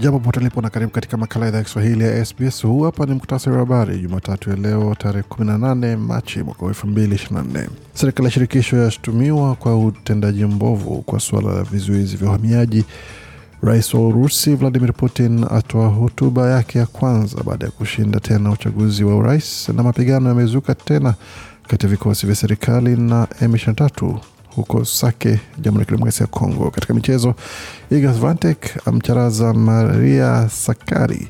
Jambo popote lipo na karibu katika makala idhaa ya Kiswahili ya SBS. Huu hapa ni muktasari wa habari Jumatatu ya leo tarehe 18 Machi mwaka 2024. Serikali ya shirikisho yashutumiwa kwa utendaji mbovu kwa suala la vizuizi vya uhamiaji. Rais wa Urusi Vladimir Putin atoa hotuba yake ya kwanza baada ya kushinda tena uchaguzi wa urais, na mapigano yamezuka tena kati ya vikosi vya serikali na M23 huko Sake, Jamhuri ya Kidemokrasia ya Kongo. Katika michezo, Igas Vantek amcharaza Maria Sakari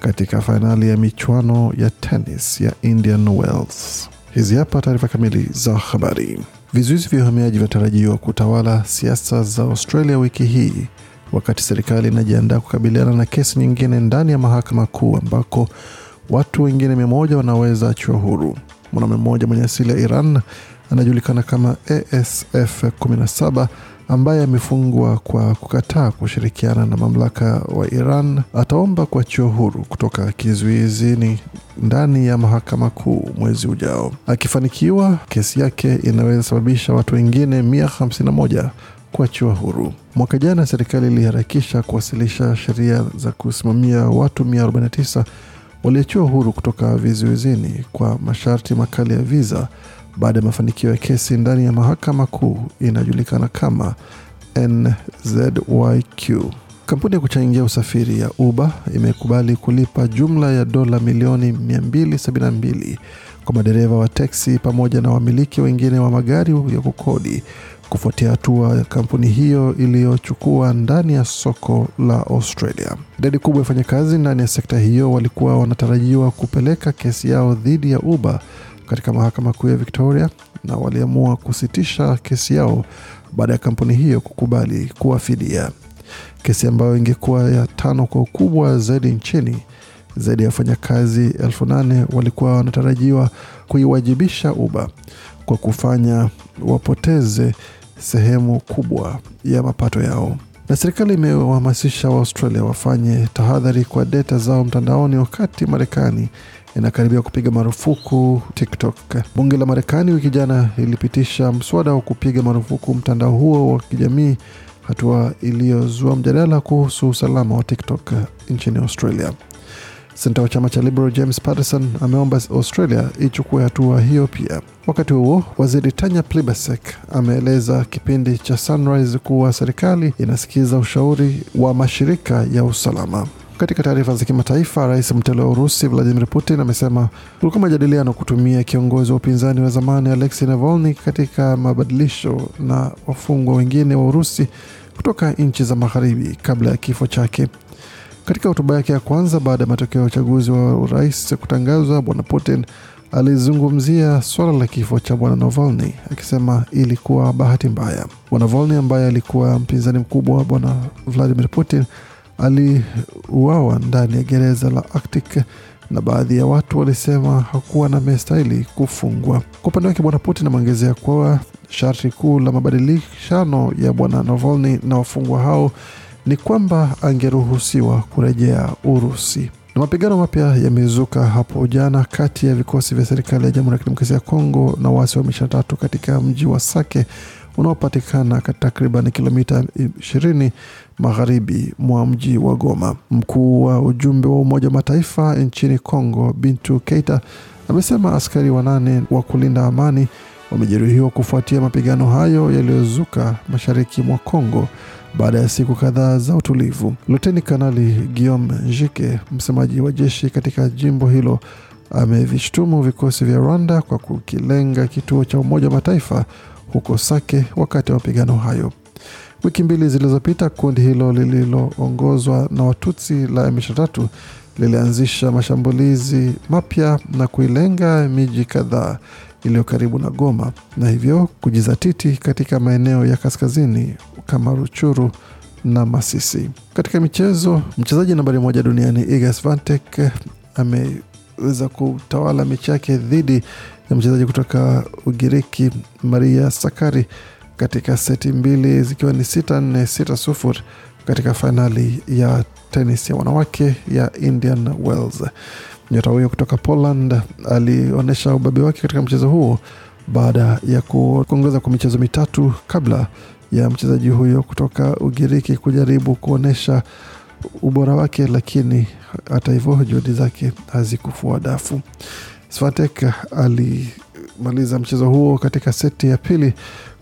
katika fainali ya michuano ya tenis ya Indian Wells. Hizi hapa taarifa kamili za habari. Vizuizi vya uhamiaji vinatarajiwa kutawala siasa za Australia wiki hii wakati serikali inajiandaa kukabiliana na kesi nyingine ndani ya mahakama kuu ambako watu wengine mia moja wanaweza achiwa huru. Mwanaume mmoja mwenye asili ya Iran anajulikana kama ASF-17 ambaye amefungwa kwa kukataa kushirikiana na mamlaka wa Iran ataomba kuachiwa huru kutoka kizuizini ndani ya mahakama kuu mwezi ujao. Akifanikiwa, kesi yake inaweza sababisha watu wengine 151 kuachiwa huru. Mwaka jana serikali iliharakisha kuwasilisha sheria za kusimamia watu 149 waliachiwa huru kutoka vizuizini kwa masharti makali ya viza baada ya mafanikio ya kesi ndani ya mahakama kuu inayojulikana kama NZYQ. Kampuni ya kuchangia usafiri ya Uber imekubali kulipa jumla ya dola milioni 272 kwa madereva wa teksi pamoja na wamiliki wengine wa magari ya kukodi kufuatia hatua ya kampuni hiyo iliyochukua ndani ya soko la Australia. Idadi kubwa ya wafanyakazi ndani ya sekta hiyo walikuwa wanatarajiwa kupeleka kesi yao dhidi ya Uber katika mahakama kuu ya Victoria na waliamua kusitisha kesi yao baada ya kampuni hiyo kukubali kuwafidia. Kesi ambayo ingekuwa ya tano kwa ukubwa zaidi nchini. Zaidi ya wafanyakazi elfu nane walikuwa wanatarajiwa kuiwajibisha Uber kwa kufanya wapoteze sehemu kubwa ya mapato yao. Na serikali imewahamasisha Waaustralia wafanye tahadhari kwa data zao mtandaoni, wakati Marekani inakaribia kupiga marufuku TikTok. Bunge la Marekani wiki jana lilipitisha mswada wa kupiga marufuku mtandao huo wa kijamii, hatua iliyozua mjadala kuhusu usalama wa TikTok nchini Australia. Senta wa chama cha Liberal James Patterson ameomba Australia ichukue hatua hiyo pia. Wakati huo, waziri Tanya Plibersek ameeleza kipindi cha Sunrise kuwa serikali inasikiza ushauri wa mashirika ya usalama. Katika taarifa za kimataifa, rais mteule wa Urusi Vladimir Putin amesema kulikuwa majadiliano kutumia kiongozi wa upinzani wa zamani Alexei Navalny katika mabadilisho na wafungwa wengine wa Urusi kutoka nchi za magharibi kabla ya kifo chake. Katika hotuba yake ya kwanza baada ya matokeo ya uchaguzi wa urais kutangazwa, bwana Putin alizungumzia swala la kifo cha bwana Navalny akisema ilikuwa bahati mbaya. Bwana Navalny ambaye alikuwa mpinzani mkubwa wa bwana Vladimir Putin aliuawa ndani ya gereza la Arctic na baadhi ya watu walisema hakuwa na mestahili kufungwa. Kwa upande wake, bwana Putin ameongezea kuwa sharti kuu la mabadilishano ya bwana Navalny na wafungwa hao ni kwamba angeruhusiwa kurejea Urusi. Na mapigano mapya yamezuka hapo jana kati ya vikosi vya serikali ya Jamhuri ya Kidemokrasia ya Kongo na waasi wa M23 katika mji wa Sake unaopatikana takriban kilomita 20 magharibi mwa mji wa Goma. Mkuu wa ujumbe wa Umoja wa Mataifa nchini congo Bintu Keita, amesema askari wanane wa kulinda amani wamejeruhiwa kufuatia mapigano hayo yaliyozuka mashariki mwa Kongo baada ya siku kadhaa za utulivu. Luteni Kanali Guillaume Njike, msemaji wa jeshi katika jimbo hilo, amevishtumu vikosi vya Rwanda kwa kukilenga kituo cha Umoja wa Mataifa huko Sake wakati wa mapigano hayo. Wiki mbili zilizopita, kundi hilo lililoongozwa na Watutsi la M23 lilianzisha mashambulizi mapya na kuilenga miji kadhaa iliyo karibu na Goma na hivyo kujizatiti katika maeneo ya kaskazini kama Ruchuru na Masisi. Katika michezo, mchezaji nambari moja duniani Iga Swiatek ameweza kutawala mechi yake dhidi na mchezaji kutoka Ugiriki Maria Sakari katika seti mbili zikiwa ni sita nne sita sufuri katika fainali ya tenis ya wanawake ya Indian Wells. Nyota huyo kutoka Poland alionyesha ubabe wake katika mchezo huo baada ya kuongeza kwa michezo mitatu kabla ya mchezaji huyo kutoka Ugiriki kujaribu kuonyesha ubora wake, lakini hata hivyo juhudi zake hazikufua dafu. Swatek alimaliza mchezo huo katika seti ya pili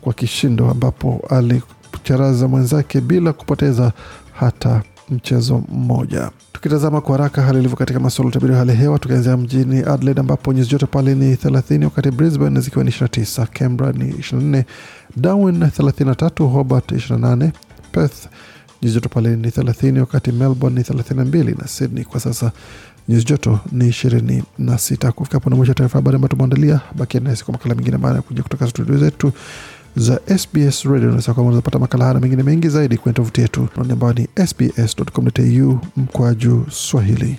kwa kishindo, ambapo alicharaza mwenzake bila kupoteza hata mchezo mmoja. Tukitazama kwa haraka hali ilivyo katika masuala utabiri wa hali hewa, tukianzia mjini Adelaide ambapo nyuzi joto pale ni 30, wakati Brisbane zikiwa ni 29, Canberra ni 24, Darwin 33, Hobart 28, Perth Nyuzi joto pale ni 30 wakati Melbourne ni 32 na Sydney kwa sasa nyuzi joto ni 26. Kufika hapo na mwisho taarifa habari ambayo tumeandalia, bakia nasi kwa makala mengine maana ya kuja kutoka studio zetu za SBS Radio. Unaweza kwamba unazapata makala haya na mengine mengi zaidi kwenye tovuti yetu ambayo ni sbs.com.au mkwaju Swahili.